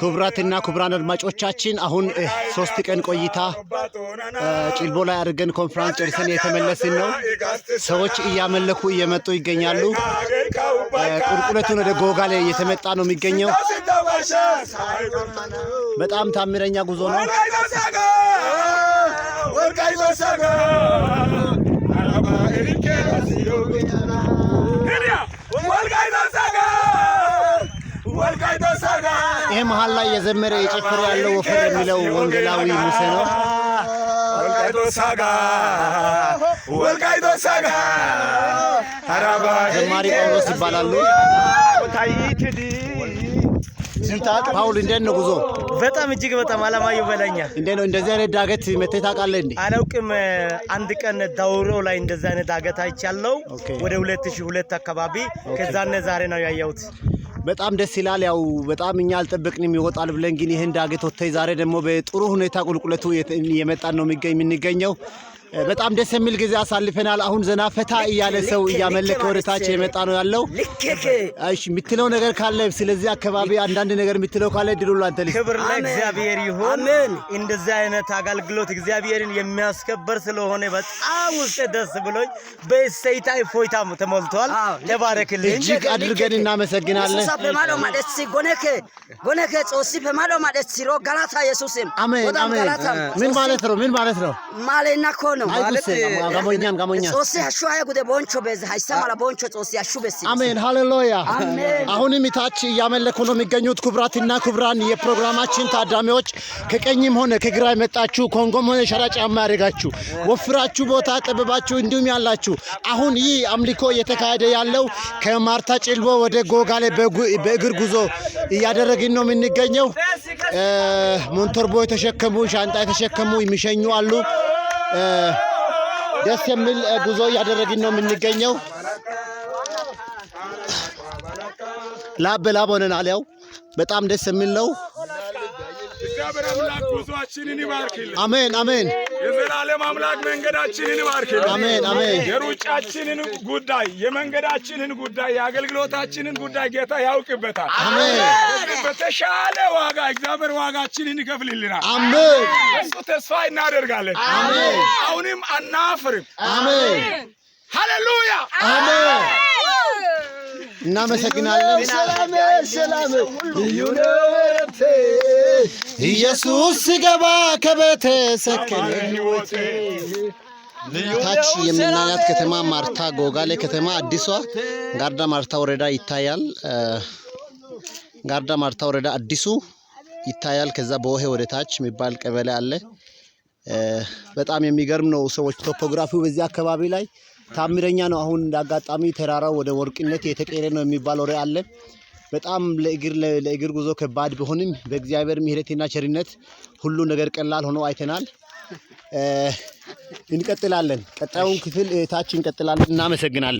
ክቡራትና ክቡራን አድማጮቻችን አሁን ሶስት ቀን ቆይታ ጭልቦ ላይ አድርገን ኮንፍራንስ ጨርሰን የተመለስን ነው። ሰዎች እያመለኩ እየመጡ ይገኛሉ። ቁልቁለቱን ወደ ጎጋሌ እየተመጣ ነው የሚገኘው። በጣም ታምረኛ ጉዞ ነው። ወርቃይ ይሄ መሀል ላይ የዘመረ የጭፍር ያለው ወፈር የሚለው ወንጌላዊ ሙሴ ነው። ወልቃይቶ ሳጋ ዘማሪ ጳውሎስ ይባላሉ። ስንታት ፓውል እንዴት ነው ጉዞ? በጣም እጅግ በጣም አለማየሁ በላኛ እንዴት ነው? እንደዚህ አይነት ዳገት መተህ ታውቃለህ እንዴ? አላውቅም። አንድ ቀን ዳውሮ ላይ እንደዚህ አይነት ዳገት አይቻለሁ ወደ 2002 አካባቢ። ከዛነ ዛሬ ነው ያየሁት። በጣም ደስ ይላል። ያው በጣም እኛ አልጠበቅንም ይወጣል ብለን ግን ይህን ዳገት ወጥተን ዛሬ ደግሞ በጥሩ ሁኔታ ቁልቁለቱ የመጣን ነው የሚገኝ የምንገኘው በጣም ደስ የሚል ጊዜ አሳልፈናል። አሁን ዘና ፈታ እያለ ሰው እያመለከ ወደታች የመጣ ነው ያለው። እሺ የምትለው ነገር ካለ ስለዚህ አካባቢ አንዳንድ ነገር የምትለው ካለ ድሉ አንተ ልጅ ክብር ለእግዚአብሔር ይሁን። እንደዚህ አይነት አገልግሎት እግዚአብሔርን የሚያስከበር ስለሆነ በጣም ውስጥ ደስ ብሎኝ በእሰይታ ፎይታ ተሞልቷል። ተባረክልኝ። እጅግ አድርገን እናመሰግናለን። ምን ማለት ነው? ምን ማለት ነው? ማለና እኮ ነው ነው ማለት ጋሞኛን ጋሞኛ ጾሲ አሹ ጉደ ቦንቾ በዝ ሀይሳ ቦንቾ ጾሲ አሹ በስ አሜን ሃሌሉያ። አሁንም ታች እያመለኩ ነው የሚገኙት ክቡራትና ክቡራን የፕሮግራማችን ታዳሚዎች ከቀኝም ሆነ ከግራ የመጣችሁ ኮንጎም ሆነ ሸራ ጫማ ያደርጋችሁ ወፍራችሁ ቦታ ጠበባችሁ እንዲሁም ያላችሁ አሁን ይህ አምልኮ እየተካሄደ ያለው ከማርታ ጭልቦ ወደ ጎጋሌ በእግር ጉዞ እያደረግን ነው የምንገኘው። ሞንቶርቦ የተሸከሙ ሻንጣ የተሸከሙ የሚሸኙ አሉ። ደስ የሚል ጉዞ እያደረግን ነው የምንገኘው። ላብ በላብ ሆነናል። ያው በጣም ደስ የሚል ነው። እግዚአብሔር አምላክ ጉዟችንን ይባርክልን። አሜን አሜን። የዘላለም አምላክ መንገዳችንን ይባርክልን። አሜን አሜን። የሩጫችንን ጉዳይ፣ የመንገዳችንን ጉዳይ፣ የአገልግሎታችንን ጉዳይ ጌታ ያውቅበታል። አሜን። በተሻለ ዋጋ እግዚአብሔር ዋጋችንን ይከፍልልናል። አሜን። እሱ ተስፋ እናደርጋለን። አሜን። አሁንም አናፍርም። አሜን። ሃሌሉያ። አሜን። እናመሰግናለን። ሰላም ሰላም ልዩ ነው ኢየሱስ ስገባ ከቤቴ ሰከነ ታች የምናያት ከተማ ማርታ ጎጋሌ ከተማ አዲሷ ጋርዳ ማርታ ወረዳ ይታያል። ጋርዳ ማርታ ወረዳ አዲሱ ይታያል። ከዛ በውሄ ወደ ታች የሚባል ቀበሌ አለ። በጣም የሚገርም ነው። ሰዎች ቶፖግራፊው በዚህ አካባቢ ላይ ታምረኛ ነው። አሁን እንደ አጋጣሚ ተራራው ወደ ወርቅነት የተቀየረ ነው የሚባል ወሬ አለ። በጣም ለእግር ለእግር ጉዞ ከባድ ቢሆንም በእግዚአብሔር ምሕረትና ቸርነት ሁሉ ነገር ቀላል ሆኖ አይተናል። እንቀጥላለን። ቀጣዩን ክፍል ታች እንቀጥላለን። እናመሰግናለን።